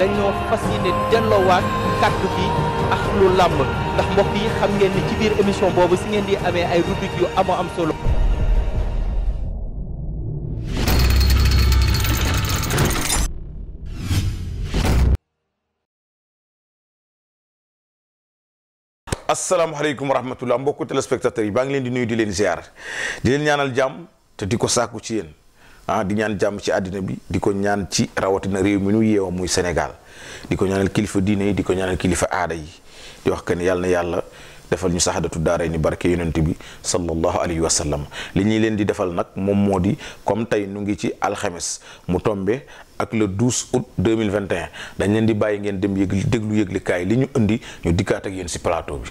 dañoo fas yéene delloowaat kàddu bi ak lu làmb ndax mbokk yi xam ngeen ci biir émission boobu si ngeen di amee ay rubrique yu amoo am solo. asalaamaaleykum wa rahmatulah mbokku téléspectateurs yi baa ngi leen di nuyu di leen ziar di leen ñaanal jàmm te di ko sàkku ci yéen. ah di ñaan jàmm ci àddina bi di ko ñaan ci rawatina réew mi ñu yeewoo muy Sénégal di ko ñaanal kilifa diine yi di ko ñaanal kilifa aada yi di wax kan ni yàlla yàlla defal ñu saxadatu daara ni barke yonent bi sallallahu alayhi wa sallam li ñuy leen di defal nag moom moo di comme tey nu ngi ci alxames mu tombe ak le mille août 2021 dañ leen di bàyyi ngeen dem yëg déglu yëglikaay li ñu indi ñu dikkaat ak yéen si plateau bi.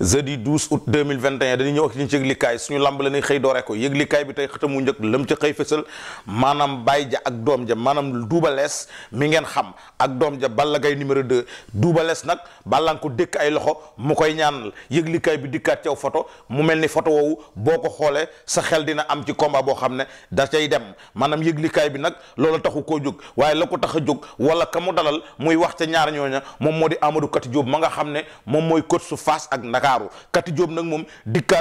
jeudi 12 août 2021 dañuy ñëw ak ñu ci yëglikaay suñu lamb la ñuy xëy doore ko yëglikaay bi tey xëtamu njëkk lëm ca xëy fësal maanaam Baye ja ak doom ja maanaam Double Less mi ngeen xam ak doom ja Balla Gaye numéro de duubalees nag Balla nga ko dékk ay loxo mu koy ñaanal yëglikaay bi dikkaat caw foto mu mel ni photo woowu boo ko xoolee sa xel dina am ci combat boo xam ne da cay dem maanaam yëglikaay bi nag loolu taxu koo jóg waaye la ko tax a jóg wala ka mu dalal muy wax ca ñaar ñooña moom moo di Amadou Kati Diop ma nga xam ne moom mooy coach su Fass ak Ndaka ndakaaru kati Jóob nag moom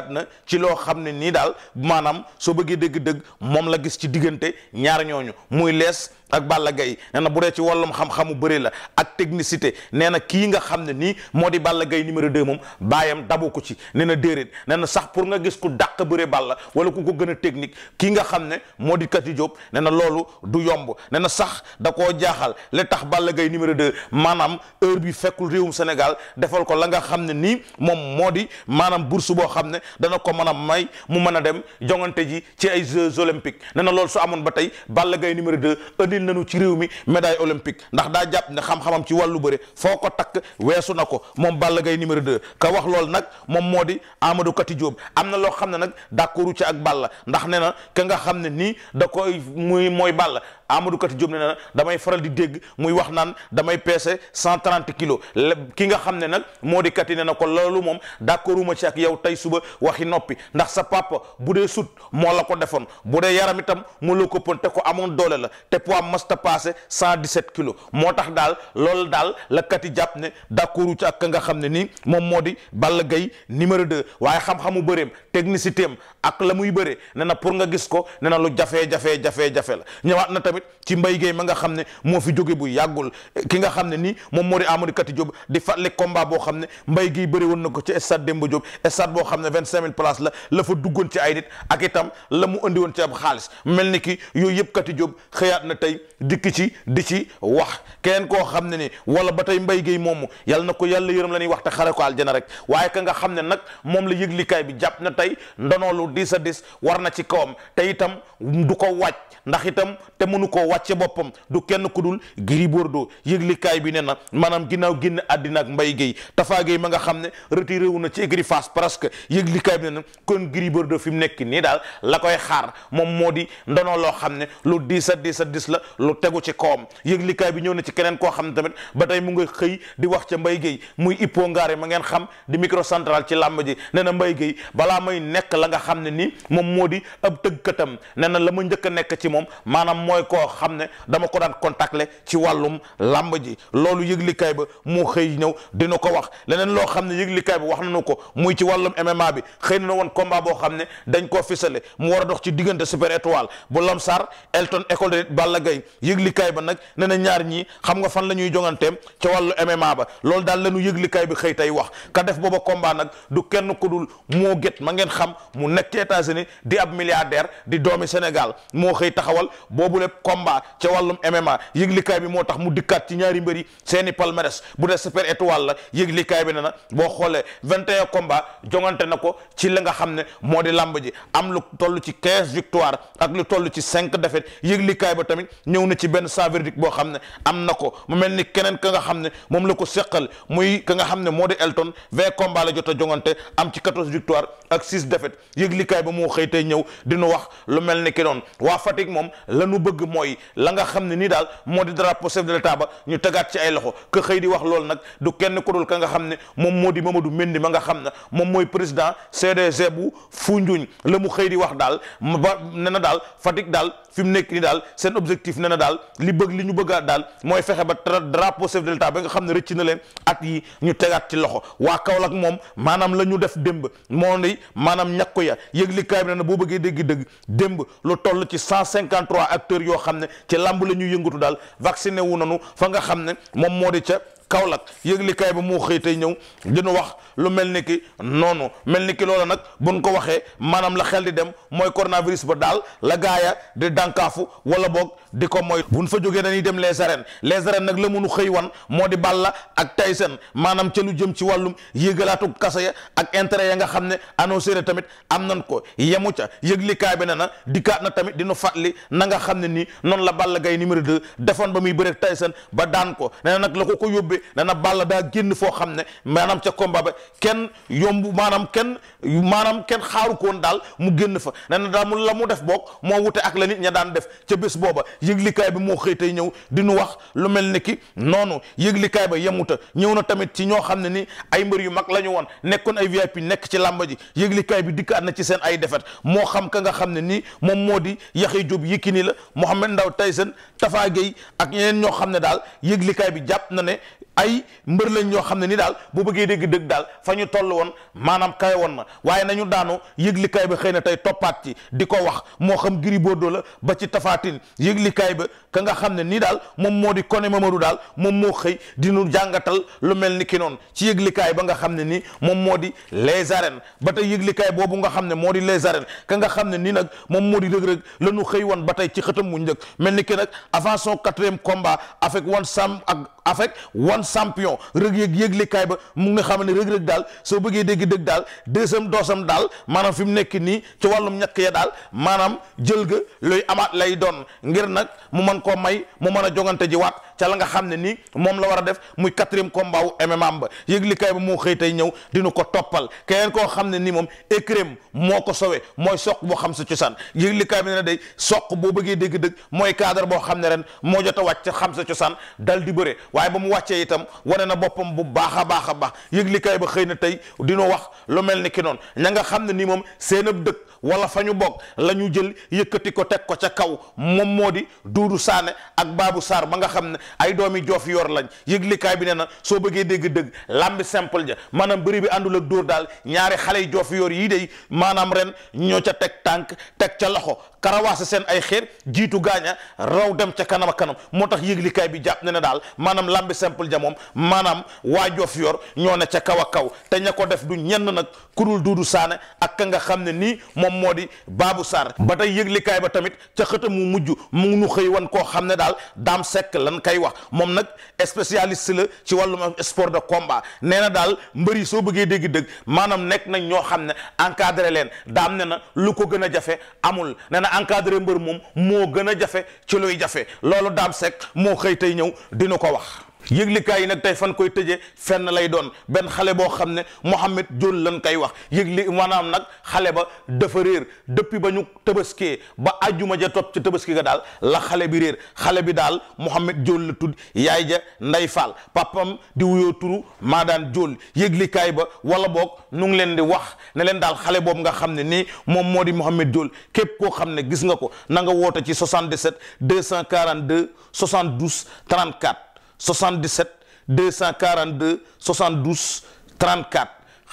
na loo xam ne nii daal maanaam soo bëggee dëgg-dëgg moom la gis ci diggante ñaar ñooñu muy lees ak Balla Gaye nee na bu dee ci wàllum xam-xamu bëri la ak technicité nee na kii nga xam ne nii moo di Balla Gaye numéro 2 moom baayam dabu ko ci nee na déedéet nee na sax pour nga gis ku dàq bëre Balla wala ku ko gën a technique kii nga xam ne moo di Kati Diop nee na loolu du yomb nee na sax da koo jaaxal li tax Balla Gaye numéro 2 maanaam heure bi fekkul réewum Sénégal defal ko la nga xam ne nii moom moo di maanaam bourse boo xam ne dana ko mën a may mu mën a dem jongante ji ci ay jeux olympiques nee na loolu su amoon ba tey Balla Gaye numéro 2 andil nañu ci réew mi médaille olympique ndax daa jàpp ne xam-xamam ci wàllu bëre foo ko takk weesu na ko moom Balla Gaye numéro 2 ka wax loolu nag moom moo di Amadou Kati Diop am na loo xam ne nag d'accordu ci ak Balla ndax nee na ka nga xam ne nii da koy muy mooy Balla Amadou Kati Diop nee na damay faral di dégg muy wax naan damay peese cent trente kilos ki nga xam ne nag moo di kati nee na ko loolu moom d'accorduma ci ak yow tey suba waxi noppi ndax sa papa bu dee sut moo la ko defoon bu dee yaram itam mu la koppoon te ko amoon doole la te poids masta passé cent dix moo tax daal lool daal la kati jàpp ne d'accordu ci ak ka nga xam ne nii moom moo di Balla Gaye numéro de waaye xam-xamu bëreem technicité am ak la muy bëree ne na pour nga gis ko ne na lu jafe jafe jafe la ñëwaat na tamit ci Mbaye Guèye ma nga xam ne moo fi jóge bu yàggul ki nga xam ne nii moom ci stade Demba Diop stade boo xam ne vingt cinq mille places la la fa duggoon ci ay nit ak itam la mu andi woon ci ab xaalis mel ni ki yooyu yëpp kati Diop xëyaat na tey dikk ci di ci wax keneen koo xam ne ni wala ba tey Mbaye géey moomu yàlla na ko yàlla yërëm la ñuy wax te xare ko aljana rek waaye ka nga xam ne nag moom la yëglikaay bi jàpp na tey ndonoolu diis a diis war na ci kawam te itam du ko wàcc ndax itam te mënu koo wàcce boppam du kenn ku dul Gris Bordeaux yëglikaay bi ne na maanaam ginnaaw génn àddina ak Mbaye retiré wu na ci écurie Fass parce bi ne kon Gris Bordeaux nekk nii daal la koy xaar moom moo di ndono loo xam ne lu diis a diis a la lu tegu ci kawam yëg li kaay bi ñëw na ci keneen koo xam ne tamit ba tey mu nga xëy di wax ca Mbaye Guèye muy Hippo Ngare ma ngeen xam di microcentral ci làmb ji nee na Mbaye Guèye balaa may nekk la nga xam ne nii moom moo di ab tëggkatam nee na la ma njëkk a nekk ci moom maanaam mooy koo xam ne dama ko daan contacter ci wàllum làmb ji loolu yëglikaay ba mu xëy wax nañu ko muy ci wàllum MMA bi xëy na woon combat boo xam ne dañ koo fisale mu war a dox ci diggante super étoile bu Lamsar Elton école de Balla Gaye yëglikaay ba nag ne na ñaar ñii xam nga fan la ñuy jonganteem ca wàllu MMA ba loolu daal la ñu yëglikaay bi xëy tey wax ka def booba combat nag du kenn ku dul moo gét ma ngeen xam mu nekk ci États-Unis di ab milliardaire di doomi Sénégal moo xëy taxawal boobu lépp combat ca wàllum MMA yëglikaay bi moo tax mu dikkaat ci ñaari mbër yi seeni palmarès bu dee super étoile boo xoolee vingt et un combat jongante na ko ci la nga xam ne moo di làmb ji am lu toll ci quinze victoire ak lu toll ci cinq défaites yëglikaay ba tamit ñëw na ci benn saa verdict boo xam ne am na ko mu mel ni keneen ka nga xam ne moom la ko seqal muy ka nga xam ne moo di Elton vingt combat la jot a jongante am ci quatorze victoire ak six défaites yëglikaay ba moo xëy tey ñëw di wax lu mel ni ki noonu waa Fatick moom la nu bëgg mooy la nga xam ne nii daal moo di drapeau chef de ba ñu tegaat ci ay loxo ka xëy di wax loolu nag du kenn ku dul ka nga xam ne moom moo di Mamadou Mendy ma nga xam ne moom mooy président CDG bu Foundiougne la mu xëy di wax daal ba ne na daal Fatick daal fi mu nekk ni daal seen objectif ne na daal li bëgg li ñu bëggaat daal mooy fexe ba drapeau chef de l'État ba nga xam ne rëcc na leen at yi ñu tegaat ci loxo waa Kaolack moom maanaam la ñu def démb moo ni maanaam ñàkku ya yëglikaay bi ne na boo bëggee dégg dégg démb lu toll ci cent cinquante acteurs yoo xam ne ci làmb la ñuy yëngatu daal vacciné wu nanu fa nga xam ne moom moo di ca Kaolack yëglikaay ba moo xëy tey ñëw dinu wax lu mel ni ki noonu mel ni ki loola nag bu buñ ko waxee maanaam la xel di dem mooy coronavirus ba daal la gaaya di dànkaafu wala boog di ko mooy moy nu fa jógee dañuy dem les arènes les arènes nag la mënu xëy wan moo di Balla ak Tyson maanam ca lu jëm ci wàllum yëgalaatu kasa ya ak intérêt ya nga xam ne annoncé na tamit am nan ko yemu ca yëglikaay bi ne na dikkaat na tamit dinu fàttali na nga xam ne nii noonu la Balla Gaye numéro 2 defoon ba muy bëri bëreeg Tyson ba daan ko nee nag la ko ko yóbbee nee na Balla daa génn foo xam ne maanaam ca combat ba kenn yombu maanaam kenn maanaam kenn xaaru koon daal mu génn fa nee na mu la mu def boog moo wute ak la ña daan def ca bés booba yëglikaay bi moo xëy ñëw di nu wax lu mel ni ki noonu yëglikaay ba yemuta ñëw na tamit ci ñoo xam ne ni ay mbër yu mag la ñu woon nekkoon ay VIP nekk ci làmba ji yëglikaay bi dikkaat na ci seen ay defet moo xam ka nga xam ne nii moom moo di Yaxya Jóob Yékini la Mohamed Ndaw Tyson Tafa Gueye ak ñeneen ñoo xam ne daal yëglikaay bi jàpp na ne ay mbër lañ yoo xam ne nii daal boo bëggee dégg dëgg daal fa ñu toll woon maanaam kawe woon na waaye nañu daanu yëglikaay ba xëy na tey toppaat ci di ko wax moo xam Gris Bordeaux la ba ci tafaatin yëglikaay ba ka nga xam ne nii daal moom moo di Kone Mamadou daal moom moo xëy di nu jàngatal lu mel ni ki noonu ci yëglikaay ba nga xam ne nii moom moo di les arènes ba tey yëglikaay boobu nga xam ne moo di les arènes ka nga xam ne nii nag moom moo di rëg-rëg la ñu xëy woon ba tey ci xëtam mu njëkk mel ni ki nag avant son quatrième combat avec wan sam ak avec one champion rëg-yëg yëgle kaay ba mu nga xam ne rëg-rëg daal soo bëggee dégg dëgg daal deuxième doosam daal maanaam fi mu nekk nii ci wàllum ñàkk ya daal maanaam jël ga looy amaat lay doon ngir nag mu mën koo may mu mën a jongante ji waat ca la nga xam ne nii moom la war a def muy quatrième combat wu MMA ba yëglikaay ba moo xëy tey ñëw dina ko toppal keneen koo xam ne nii moom écrém moo ko sowe mooy soq boo xam sa cosaan yëglikaay bi ne day soq boo bëggee dégg-dëgg mooy kaadar boo xam ne ren moo jot a wàcc xam sa cosaan dal di bëre waaye ba mu wàccee itam wane na boppam bu baax a baax a baax yëglikaay ba xëy na tey dinu wax lu mel ni ki noonu ña nga xam ne nii moom seen ab dëkk wala fa ñu bokk la ñu jël yëkkati ko teg ko ca kaw moom moo di Duudu Saane ak Baabu saar ba nga xam ne ay doomi joof yor lañ yëglikaay bi ne na soo bëggee dégg-dëgg lambi simple ja maanaam bëri bi àndul ak dóor daal ñaari xale joof yor yii dey maanaam ren ñoo ca teg tànk teg ca loxo karawaase seen ay xeer jiitu gaaña raw dem ca kanam ak kanam moo tax yëglikaay bi jàpp ne na daal maanaam lambi simple ja moom maanaam waa joof yor ñoo ne ca kaw a kaw te ña ko def du ñenn nag kurul Duudu Saane ak ka nga xam ne nii moom moom moo di Babou Sarr ba tey yëglikaay ba tamit ca xëtam mu mujj mu ngi nu xëy wan koo xam ne daal daam sekk lan kay wax moom nag spécialiste la ci wàllum sport de combat nee na daal mbër yi soo bëggee dégg dëgg maanaam nekk nañ ñoo xam ne encadré leen daam ne na lu ko gën a jafe amul nee na encadré mbër moom moo gën a jafe ci luy jafe loolu daam sekk moo xëy tey ñëw dina ko wax yëglikaay yi nag tey fan koy tëjee fenn lay doon benn xale boo xam ne Mohamed Dione lañ koy wax yëgli maanaam nag xale ba dafa réer depuis ba ñu tëbaskee ba ajjuma ja topp ci tëbaski ga daal la xale bi réer xale bi daal Mohamed Dione la tudd yaay ja nday faal papam di wuyoo turu maa daan Dione yëglikaay ba wala boog nu ngi leen di wax ne leen daal xale boobu nga xam ne nii moom moo di Mohamed Dione képp koo xam ne gis nga ko na nga woote ci 77 242 72 34 cent 77 242 72 34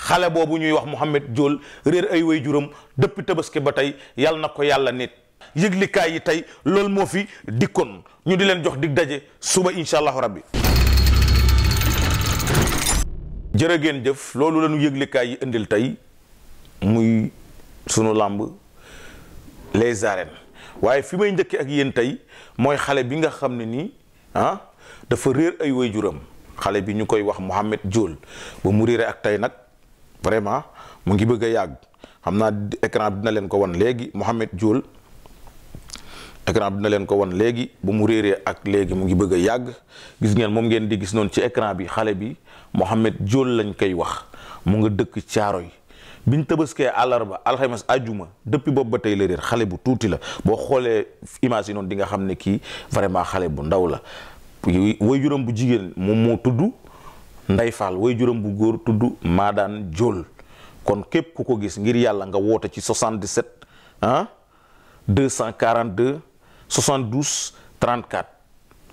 xale boobu ñuy wax Mouhamed Diol réer ay way juram depuis tabaski ba tey yàlla na ko yàlla nit yëglikaay yi tey loolu moo fi dikkoon ñu di leen jox dig daje suba incha allahu rabbi jërë ngeen jëf loolu la ñu yëglikaay yi indil tey muy sunu làmb les arènes waaye fi may njëkkee ak yéen tey mooy xale bi nga xam ne nii ah dafa réer ay waajuram xale bi ñu koy wax Mohamed Diol ba mu réere ak tey nag vraiment mu ngi bëgg a yàgg xam naa écran bi dina leen ko wan léegi Mohamed Diol écran bi dina leen ko wan léegi ba mu réeree ak léegi mu ngi bëgg a yàgg gis ngeen moom ngeen di gis noonu ci ecran bi xale bi Mohamed Diol lañ koy wax mu nga dëkk Caaroy biñ tëbaskee àllarba alxames ajuma depuis boobu ba tey la réer xale bu tuuti la boo xoolee image yi noonu di nga xam ne kii vraiment xale bu ndaw la way juróom bu jigéen moom moo tudd Ndey Fall way juróom bu góor tudd maa daan Jool kon képp ku ko gis ngir yàlla nga woote ci 77 ah 242 72 34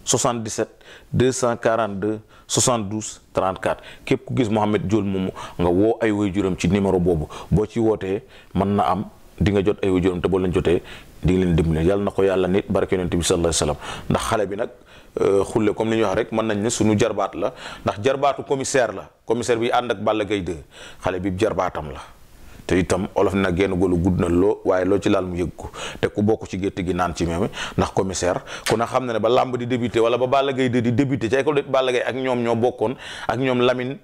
77 242 72 34 képp ku gis Mohamed Jool moomu nga woo ay way juróom ci numéro boobu boo ci wootee mën na am di nga jot ay way juróom te boo leen jotee di nga leen dimbali yàlla na ko yàlla nit barke yonent bi sallallahu alayhi ndax xale bi nag Euh, xulle comme li ñuy wax rek mën nañ ne suñu jarbaat la ndax jarbaatu commissaire la commissaire bi ànd ak Balla Gaye 2 xale bi jarbaatam la te itam olof na genn golu gudd na loo waaye loo ci laal mu yëg ko te ku bokk ci gétt gi naan ci meeme ndax commissaire ku na xam na ne ba làmb di débuté wala ba Balla Gaye 2 di débuté ci école Balla Gaye ak ñoom ñoo bokkoon ak ñoom lamin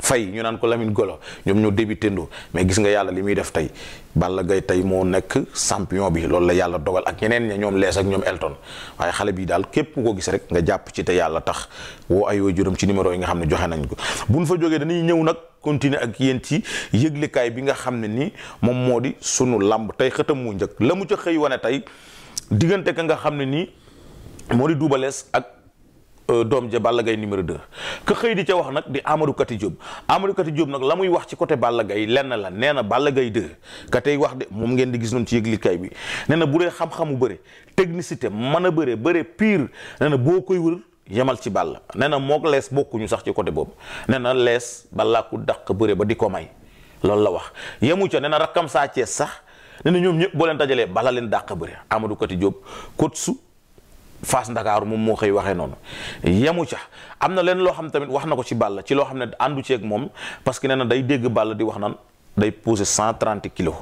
fay ñu naan ko Lamine Gola ñoom ñoo débuté ndoo mais gis nga yàlla li muy def tey Balla Gaye tey moo nekk sampion bi loolu la yàlla dogal ak ñeneen ña ñoom lees ak ñoom Elton waaye xale bi daal képp ko gis rek nga jàpp ci te yàlla tax woo ay woo ci numéro yi nga xam ne joxe nañ ko bu buñ fa jógee dañuy ñëw nag continuer ak yéen ci yëglikaay bi nga xam ne nii moom moo di sunu làmb tey xëtam mu njëkk la mu ca xëy wane tey diggante ka nga xam ne nii moo ak Euh, doom ja Balla Gaye numéro 2 ka xëy di ca wax nag di Amadou Kati Diop Amadou Kati Diop nag la muy wax ci côté Balla gay lenn la nee na Balla Gaye 2 ka tey wax de moom ngeen di gis noonu ci yëglikaay bi nee na bu dee xam-xamu bëre technicité man a bëre bëre pire nee na boo koy wër yemal ci Balla nee na moog lees bokkuñu sax ci côté boobu nee na lees Balla ku dàq bëre ba di ko may loolu la wax yemu ca nee na rakkam saa Cees sax nee na ñoom ñëpp boo leen dajalee Balla leen dàq bëre Amadou Kati Diop Fass Ndakaaru moom moo xëy waxee noonu yemu ca am na leen loo xam tamit wax na ko ci la ci loo xam ne àndu ceeg moom parce que nee na day dégg Balla di wax naan day posé cent trente kilos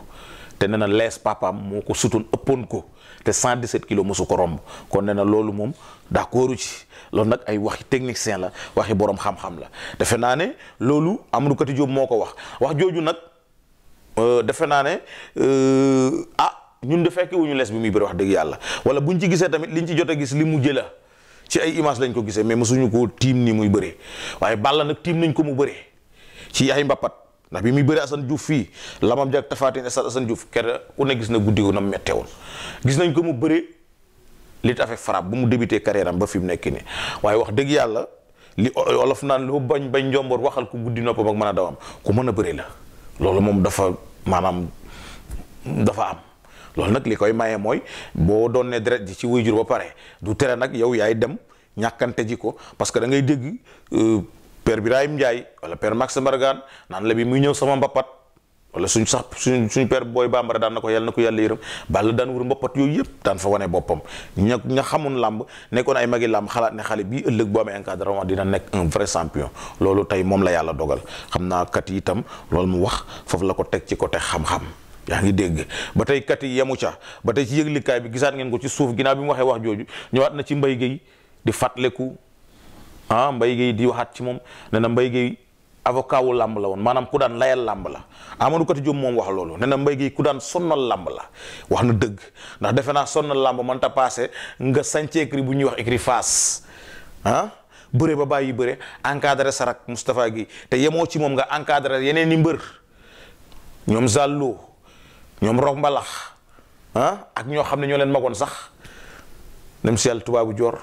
te nee na lees papaam moo ko sutoon ëppoon ko te cent dix-sept kilos mosu ko romb kon nee na loolu moom d'accordu ci loolu nag ay waxi technicien la waxi borom xam-xam la defe naa ne loolu Amadou Kati Diop moo ko wax wax jooju nag euh, defe naa ne euh, ah. ñun de fekk wuñu les bi muy bëri wax dëgg yàlla wala buñ ci gisee tamit ñu ci jot a gis li mu la ci ay image lañ ko gisee mais suñu ko tiim ni muy bëree waaye Balla nag tiim nañ ko mu bëree ci ay mbapat ndax bi muy bëri Assane Diouf fii lamam jak tafaatin stade Assane Diouf kere ku ne gis na guddi gu na mu metteewoon gis nañ ko mu bëree li tafe frappe bu mu débuté carrière am ba fi mu nekk nii waaye wax dëgg yàlla li olof naan lu bañ bañ njomboor waxal ko guddi noppam ak mën a dawam ku mën a bëri la loolu moom dafa maanaam dafa am. loolu nag li koy maye mooy boo doon ne deret ji ci jur ba pare du tere nag yow yaay dem ñàkkante ji ko parce que da ngay dégg euh, père Birahim Ndiaye wala père Max Mbargane naa la bi muy ñëw sama mbappat wala suñ sax suñ per père booy bambara daan na ko yàlla na ko yàlla yërëm bàll daan wër mbappat yooyu yëpp daan fa wane boppam ña ña xamoon làmb nekkoon ay magi làmb xalaat ne xale bii ëllëg boo amee encadrement dina nekk un vrai champion loolu tey moom la yàlla dogal xam naa yi itam loolu mu wax foofu la ko teg ci côté xam yaa ngi dégg ba tey kat yi yemu ca ba tey ci yëglikaay bi gisaat ngeen ko ci suuf ginnaaw bi mu waxee wax jooju ñëwaat na ci mbay géey di fàttaliku ah mbay géey di waxaat ci moom ne mbay géey avocat wu làmb la woon maanaam ku daan layal làmb la Amadou Kati moom wax loolu ne na mbay gi ku daan sonnal làmb la wax na dëgg ndax defe naa sonnal làmb man ta passé nga sance écrit bu ñuy wax écrit face ah bëre ba bàyyi bëre encadré sarak Moustapha gi te yemoo ci moom nga encadré yeneen yi mbër ñoom zàlloo ñoom roog mbalax ah ak ñoo xam ne ñoo leen magoon sax dem si tubaabu joor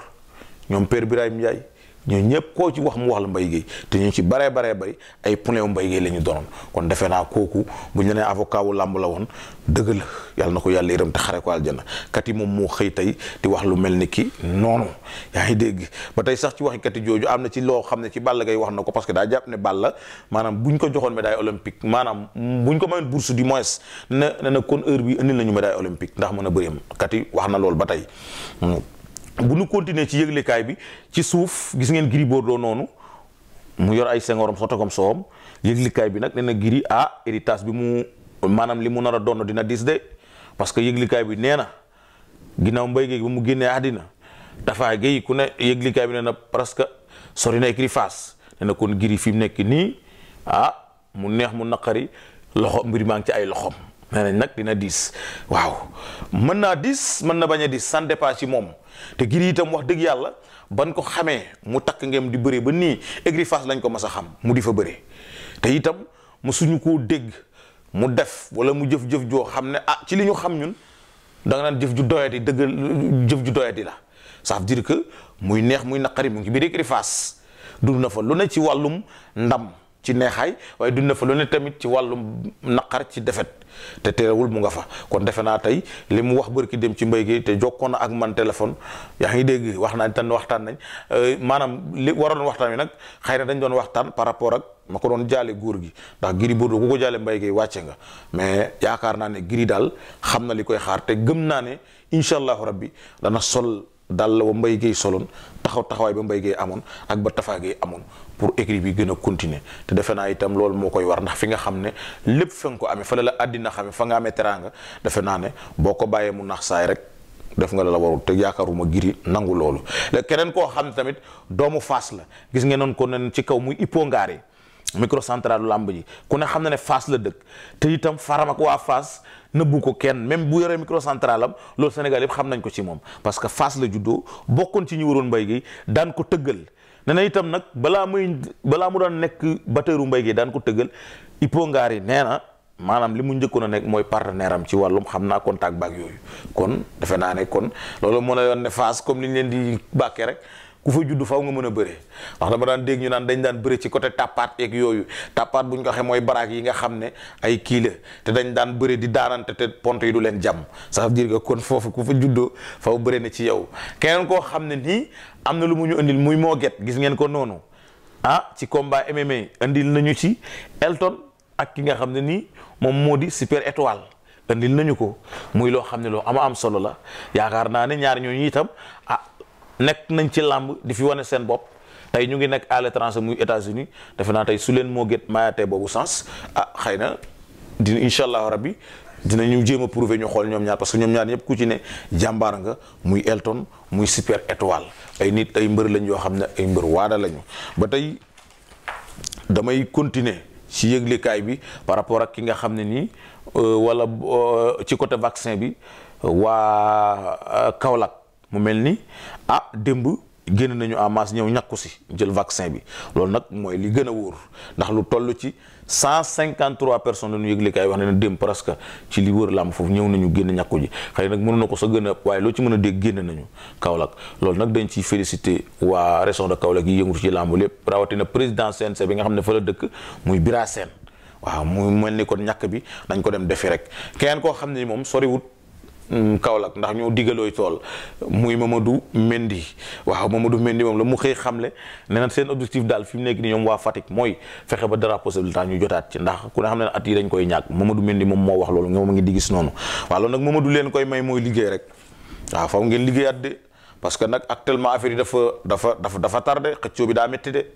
ñoom père Birahim Ndiaye ñoo ñëpp koo ci wax mu wax la mbay Guèye te ñu ci bare bare bari ay poulain wu Mbaye Guèye la ñu doonoon kon defe naa kooku bu ñu nee avocat wu làmb la woon dëgg yàlla na ko yàlla yërëm te xare ko aljana kat yi moom moo xëy tey di wax lu mel ni ki noonu yaa ngi dégg ba tey sax ci waxi kat yi jooju am na ci loo xam ne ci Balla Gaye wax na ko parce que daa jàpp ne Balla maanaam buñ ko joxoon médaille olympique maanaam buñ ko mayoon bourse du moins na na kon heure bi indi nañu médaille olympique ndax mën a bëri am kat yi wax na loolu ba tey bu nu continuer ci yëglekaay bi ci suuf gis ngeen Gris doo noonu mu yor ay sengorom soto kom soowam yëglikaay bi nag nee na Gris ah héritage bi mu maanaam li mu nar a doon dina dis de parce que yëglikaay bi nee na ginnaaw mbay géegi ba mu génnee àddina dafaa géey ku ne yëglikaay bi nee na presque sori na écrit kon Gris fi mu nekk nii ah mu neex mu naqari loxo mbir maa ngi ci ay loxom nee nañ nag dina diis waaw mën naa diis mën na bañ a diis sans dépasse ci moom te Gris itam wax dëgg yàlla ban ko xamee mu takk ngem di bëree ba nii Écurie Fass lañ ko mas a xam mu di fa bëree te itam mu suñu koo dégg mu def wala mu jëf-jëf joo xam ne ah ci li ñu xam ñun da nga naan jëf ju doyati dëgg jëf ju doyati la ça veut dire que muy neex muy naqari mu ngi biir Écurie Fass na fa lu ne ci wàllum ndam ci neexaay waaye dund na fa lu ne tamit ci wàllu naqar ci defet te wul mu nga fa kon defe naa tey li mu wax bërki dem ci mbéy gi te jokkoon na ak man téléphone yaa ngi dégg wax nañ tan waxtaan nañ euh, maanaam li waroon waxtaan wi nag xëy na dañ doon waxtaan par rapport ak ma ko doon jaale gi ndax Gris Bordeaux ku ko jaale mbéy gi wàcce nga mais yaakaar naa ne Gris daal xam na li koy xaar te gëm naa ne incha allahu rabbi dana sol dal la ba Mbaye Guèye soloon taxaw taxawaay ba Mbaye Guèye amoon ak ba Tafa Guèye amoon pour écrit bi gën a continuer te defe naa itam loolu moo koy war ndax fi nga xam ne lépp fa nga ko amee fa la la àddina xamee amee teraanga defe naa ne boo ko bàyyee mu nax saay rek def nga la la warul te yaakaaruma giri nangu loolu keneen koo xam ne tamit doomu faas la gis nga noon ko nen ci kaw muy Hippo Ngare microcentral lamb ji ku ne xam na ne faas la dëkk te itam faram waa faas nëbbu ko kenn même bu yoree microcentral am loolu Sénégal yëpp xam nañ ko ci moom parce que Fass la juddoo bokkoon ci ñu mbay gi daan ko tëggal ne na itam nag balaa muy balaa mu daan nekk batteuru mbay gi daan ko tëggal Hippo Ngary nee na maanaam li mu njëkkoon a nekk mooy partenaire am ci wàllum xam naa contact baak yooyu kon defe naa ne kon loolu moo la yoon ne Fass comme li ñu leen di bàkkee rek ku fa judd faaw nga mën a bëre ndax dama daan dégg ñu naan dañ daan bëre ci côté tappaat yeeg yooyu tàppaat bu ñu ko waxee mooy baraak yi nga xam ne ay kii la te dañ daan bëre di daanante te pont yi du leen jàmm ça veut dire que kon foofu ku fa juddoo faaw bëre na ci yow keneen koo xam ne nii am na lu mu ñu indil muy moo get gis ngeen ko noonu ah ci combat MMA indil nañu ci Elton ak ki nga xam ne nii moom moo di super étoile indil nañu ko muy loo xam ne loo ama am solo la yaakaar naa ne ñaar ñooñu itam ah nekk nañ ci làmb di fi wane seen bopp tey ñu ngi nekk à l'étranger muy États-Unis defe naa tey su leen moo gét mayaatee boobu sens ah xëy na dina incha allahu rabbi dinañu jéem a prouver ñu xool ñoom ñaar parce que ñoom ñaar ñëpp ku ci ne jàmbaar nga muy Elton muy super étoile ay nit ay mbër lañ yoo xam ne ay mbër waada lañu ba tey damay continuer ci yëglekaay bi par rapport ak ki nga xam ne nii euh, wala euh, ci côté vaccin bi waa euh, Kaolack. mu mel ni ah démb génn nañu en masse ñëw ñàkku si jël vaccin bi loolu nag mooy li gën a wóor ndax lu toll ci cent 153 personnes la ñu yëgle kaay wax ne démb presque ci li wër làmb foofu ñëw nañu génn ñàkku ji xëy nag mënu na ko sa gën a waaye loo ci mën a dégg génn nañu Kaolack loolu nag dañ ciy félicité waa région de Kaolack yi yëngu ci làmb lépp rawatina président CNC bi nga xam ne fa la dëkk muy Bira Sène waaw mu mel ni kon ñàkk bi dañ ko dem defi rek keneen koo xam ne moom soriwut. Mm, Kaolack ndax ñoo diggalooy tool muy Mamadou Mendy waaw Mamadou Mendy moom la mu xëy xamle ne na seen objectif daal fi mu nekk nii ñoom waa Fatick mooy fexe ba dara possibilité ñu jotaat ci ndax ku ne xam ne at yi dañ koy ñàkk moom du wax loolu nga moom ngi di gis noonu waaw loolu nag Mamadou leen koy may mooy liggéey rek waaw faw ngeen liggéeyaat de parce que nag actuellement affaire yi dafa dafa dafa dafa tardé xëccoo bi daa métti de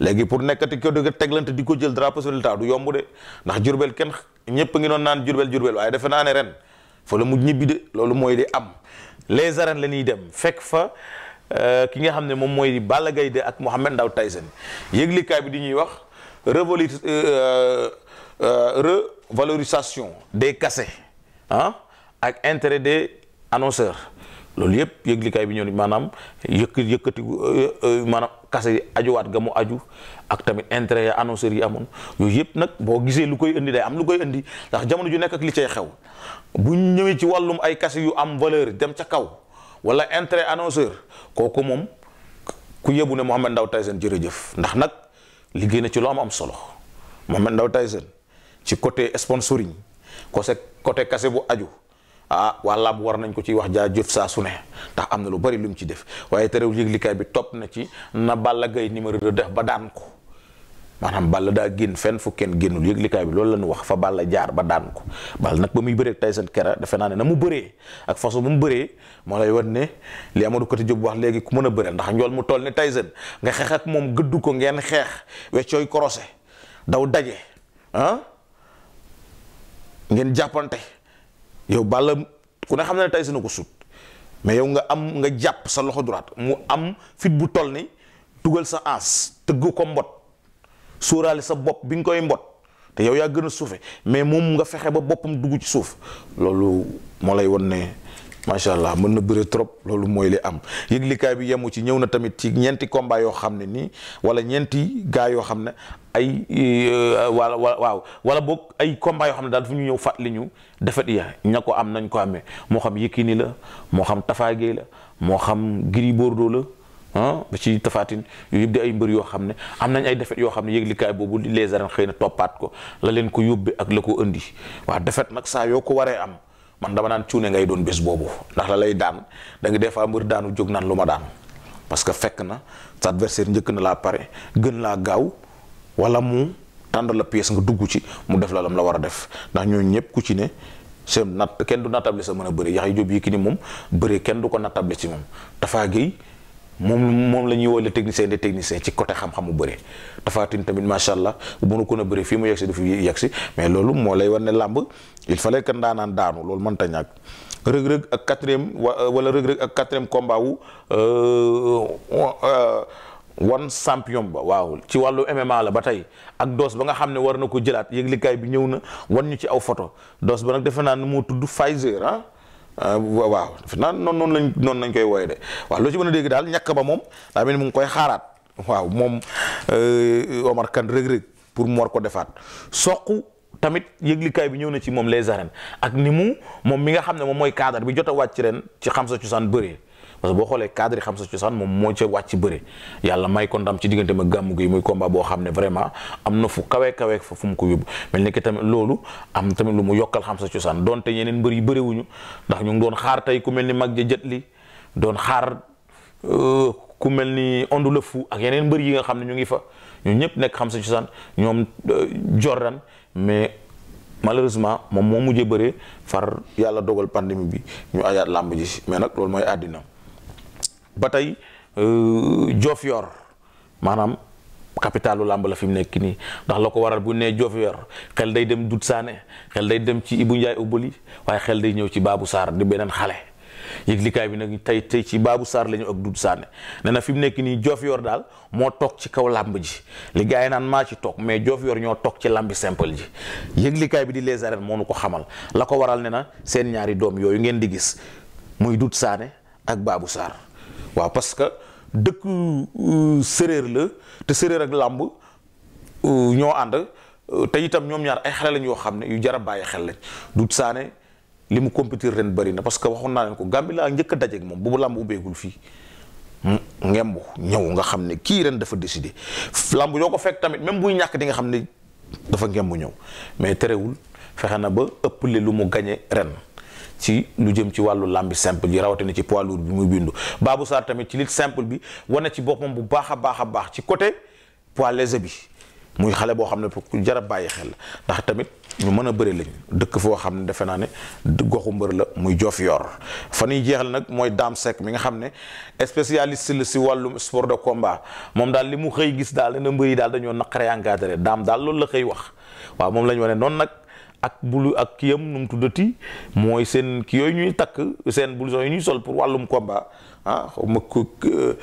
léegi pour nekkati ko dëgg teglante di ko jël dara possibilité du yomb de ndax Jurbel kenn ñëpp ngi doon naan Jurbel Jurbel waaye defe naa ne ren fa la mujj ñibbi de loolu mooy di am les arènes la ñuy dem fekk fa euh, ki nga xam ne moom mooy Balla Gaye de ak Mohamed Ndao Tyson yëglikaay bi du ñuy wax revoli euh, euh, revalorisation des kase ah ak intérêt des annonceurs loolu yëpp yëglikaay bi ñëw maanaam yëkk yëkkati maanaam kase yi ajuwaat ga mu aju ak tamit intérêt ya annonceurs yi amoon yooyu yëpp nag boo gisee lu koy indi day am lu koy indi ndax jamono ju nekk ak li cay xew bu ñëwee ci wàllum ay kase yu am valeur dem ca kaw wala intérêt annonceur kooku moom ku yebu ne Mohamed ndaw Tyson jërëjëf ndax nag liggéey na ci lu am am solo Mohamed Ndao Tyson ci côté sponsoring côté côté kase bu aju ah wala bu war nañ ko ci wax jëf saa su ne ndax am na lu bari lu mu ci def waaye terewul yëglikaay bi topp na ci na Balla Gaye numéro 2 def ba daan ko. maanaam Balla daa génn fenn fu kenn génnul yëglikaay bi loolu la nu wax fa Balla jaar ba daan ko Balla nag ba muy bëree Tyson Kera defe naa ne na mu bëree ak façon ba mu bëree moo lay wan ne li Amadou Kati Diop wax léegi ku mën a bëree ndax njool mu toll ne Tyson nga xeex moom gëddu ko ngeen xeex weccooy korosé daw daje ah ngeen jàppante yow Balla ku ne xam na ne Tyson ko sut mais yow nga am nga jàpp sa loxo droite mu am fit bu toll ni dugal sa ans tëgg ko mbot sóoraale sa bopp bi nga koy mbot te yow yaa gën a suufe mais moom nga fexe ba boppam dugg ci suuf loolu moo lay won ne macha allah mën na bëre trop loolu mooy li am yéglikaay bi yemu ci ñëw na tamit ci ñeenti combat yoo xam ne nii wala ñeenti gars yoo xam ne ay euh, wala waaw wala boog ay combat yoo xam ne daal fu ñu ñëw li ñu defet ya ña ko am nañ ko amee moo xam Yékini la moo xam Tapha la moo xam Gris Bordeaux la ah ba ci tafaatin yooyu yëpp di ay mbër yoo xam ne am nañ ay defet yoo xam ne yëglikaay boobu les arènes xëy na toppaat ko la leen ko yóbbee ak la ko indi waa defet nag saa yoo ko waree am man dama naan cuune ngay doon bés boobu ndax la lay daan danga nga des fois mbër daanu jóg naan lu ma daan parce que fekk na sa adversaire njëkk na laa pare gën laa gaaw wala mu tànd la pièce nga dugg ci mu def la lam la war a def ndax ñooñu ñëpp ku ci ne seen nat kenn du nattable sa mën a bëre Yaxya Jóob Yékini moom bëre kenn du ko nattable ci moom Tapha moom moom la ñuy woolee technicien de technicien ci côté xam mu bëre Tapha Tine tamit macha allah bu mënu ko a bëre fii mu yegsi du fi yegsi mais loolu moo lay war ne làmb il fallait que ndaanaan daanu loolu mën ta ak rëg-rëg ak quatrième euh, wala rëg-rëg ak quatrième combat wu euh, euh, wan champion ba waaw ci wàllu MMA la ba tey ak doos ba nga xam ne war na ko jëlaat yëglikaay bi ñëw na wan ñu ci aw foto doos ba nag defe naa ne moo tudd Pfizer ah Ah, waaw defe naa noonu lañ noon lañ koy wooye de waaw loo ci mën a dégg daal ñàkk ba moom daa mel ni mu ngi koy xaaraat waaw moom euh, Omar Kane rëg-rëg pour mu war ko defaat soq tamit li yëglikaay bi ñëw na ci moom les arènes ak ni mu moom mi nga xam ne moom mooy cadre bi jot a ren ci xam sa cosaan bëree parce que boo xoolee cadre xam sa cosaan moom moo ca wàcc bëre yàlla may ko ndam ci diggante ma gàmmu gi muy combat boo xam ne vraiment am na fu kawe kawe fa fu mu ko yóbbu mel ni que tamit loolu am tamit lu mu yokkal xam sa cosaan donte yeneen mbër yi bëriwuñu ndax ñu ngi doon xaar tey ku mel ni mag ja jët li doon xaar euh, ku mel ni ondu la fu ak yeneen mbër yi nga xam ne ñu ngi fa ñu ñëpp nekk xam sa cosaan ñoom euh, Jordan mais malheureusement moom moo mujjee bëree far yàlla dogal pandémie bi ñu ajaat làmb ji nag loolu mooy ba tey joof euh, yor maanaam capitalu làmb la fi mu nekk nii ndax la ko waral bu nee joof yor xel day dem Dut Saane xel day dem ci Ibou Ndiaye Oboli waaye xel day ñëw ci baabu Sarr di beneen xale yëglikaay bi nag tey tey ci baabu Sarr la ñu ak Dut Saane nee na fi mu nekk nii joof daal moo toog ci kaw làmb ji li yi naan maa ci toog mais joof ñoo toog ci làmbi simple ji yëglikaay bi di les arènes moo nu ko xamal la ko waral ne na seen ñaari doom yooyu ngeen di gis muy Dut Saane ak Babou Sarr waaw parce que dëkk euh, séréer la te séréer ak làmb euh, ñoo ànd euh, te itam ñoom ñaar ay xale lañ yoo xam ne yu jar a bàyyi xel lañ Doudou saane li mu compétir ren bëri na parce que waxoon naa leen ko Gambie laa njëkk a moom moom boobu làmb ubbeegul fii ngemb ñëw nga xam ne kii ren dafa décidé làmb yoo ko fekk tamit même buy ñàkk di nga xam ne dafa ngemb ñëw mais terewul fexe na ba ëpp ëpple lu mu gañe ren ci lu jëm ci wàllu làmbi simple ji rawatina ci poids lourd bi muy bindu baabu Sarr tamit ci lutte simple bi wane ci boppam bu baax a baax a baax ci côté poids léger bi muy xale boo xam ne pour jar a bàyyi xel ndax tamit ñu mën a bëri lañ dëkk foo xam ne defe naa ne goxu mbër la muy jof yor fa ñuy jeexal nag mooy Dame Seck mi nga xam ne spécialiste la si wàllu sport de combat moom daal li mu xëy gis daal dana mbër yi daal dañoo naqaree encadré Dame daal loolu la xëy wax waaw moom la ñu noonu nag. ak bulu ak kiyam nu mu tuddati mooy seen ki yooyu ñuy takk seen blouson yi ñuy sol pour wàllum combat ah xaw ma euh,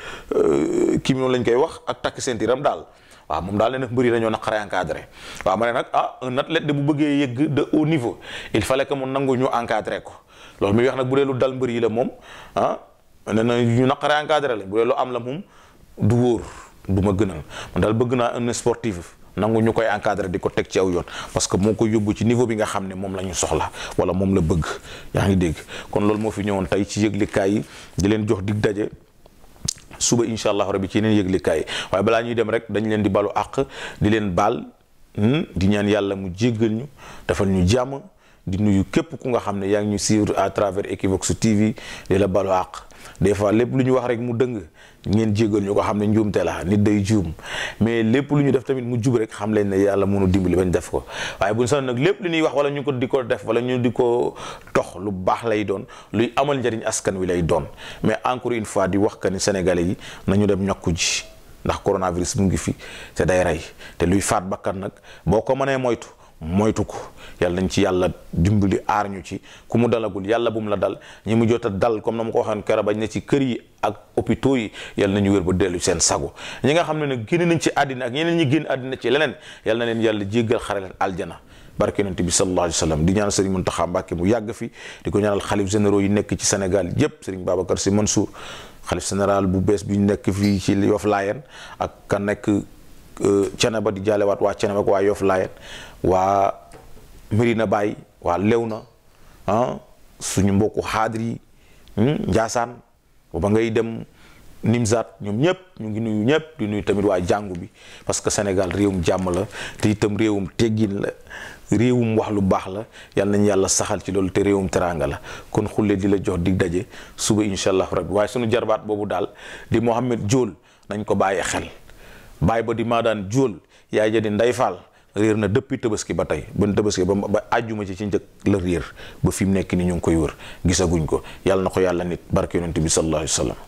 kii moom lañ koy wax ak takk ceinture am daal waaw moom daal ne mbër yi dañoo naqaree encadré waaw ma ne nag ah un bu bëggee yëgg de niveau il fallait que mu nangu ñu encadré ko muy wax nag bu dee lu dal mbër yi la moom ah nee na ñu naqaree encadré la bu dee lu am la moom du wóor du ma gënal man daal bëgg naa un sportif. nangu ñu koy encadrer di ko teg ci aw yoon parce que moo ko yóbbu ci niveau bi nga xam ne moom la ñu soxla wala moom la bëgg yaa ngi dégg kon loolu moo fi ñëwoon tey ci yëglikaay yi di leen jox dig daje suba incha allah rabi ci yeneen yëglikaay yi waaye balaa ñuy dem rek dañu leen di balu àq di leen baal hmm, di ñaan yàlla mu jéggal ñu defal ñu jàmm di nuyu képp ku nga xam ne yaa ngi ñu suivre à travers Equivox TV di la balu àq des fois lépp lu ñu wax rek mu dëng ngeen jégal ñu ko xam ne njuumte la nit day juum mais lépp lu ñu def tamit mu jub rek xam leen ne yàlla munu dimbali bañ def ko waaye bu ñu sax nag lépp lu ñuy wax wala ñu ko di ko def wala ñu di ko tox lu baax lay doon luy amal njariñ askan wi lay doon mais encore une fois di wax que ni sénégalais yi nañu dem ñokku ji ndax coronavirus mu ngi fi te day rey te luy faat bakkan nag boo ko mënee moytu. moytu ko yàlla nañ ci yàlla dimbali aar ñu ci ku mu dalagul yàlla bu mu la dal ñi mu jota a dal comme na ma ko waxoon keroog bañ ne ci kër yi ak hôpitaux yi yàlla nañu wér ba dellu seen sago ñi nga xam ne nag génn nañ ci àddina ak ñeneen ñi génn àddina ci leneen yàlla na leen yàlla jéggal xare leen aljana barke yonent bi sallallahu alayhi wa sallam di ñaan sëriñ Muntaxa Mbàkke mu yàgg fi di ko ñaanal xalif généraux yi nekk ci Sénégal yépp sëriñ Babacar Si Mansour xalif général bu bees bi nekk fii ci Yoff Laayeen Cenaba euh, di jaalewaat waa Cenaba ak waa Yof Laayeen waa Medina Baay waa Léona ah suñu mbokku xaadir yi hmm, Njaasaan ba ngay dem Nimzaat ñoom ñëpp ñu ngi nuyu ñëpp di nuyu tamit waa jàngu bi parce que Sénégal réewum jàmm la te itam réewum teggiin la réewum wax lu baax la yal nañ yàlla saxal ci loolu te réewum teraanga la kon xulle di la jox di daje suba incha allah rabbi waaye sunu jarbaat boobu daal di Mohamed Diol nañ ko bàyyi xel. baay ba di maa daan jóol yaay ja di nday faal réer na depuis tabaski ba tey ban tabaski ba ba àjjuma ci ci njëkk la réer ba fi mu nekk ni ñu ngi koy wër gisaguñ ko yàlla na ko yàlla nit barke yonente bi sallallahu alayhi wa sallam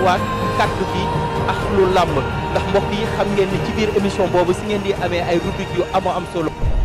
waa kàddu bi ak lu làmb ndax mbokk yi xam ngeen ni ci biir émission boobu si ngeen di amee ay rubrique yu amoo am solo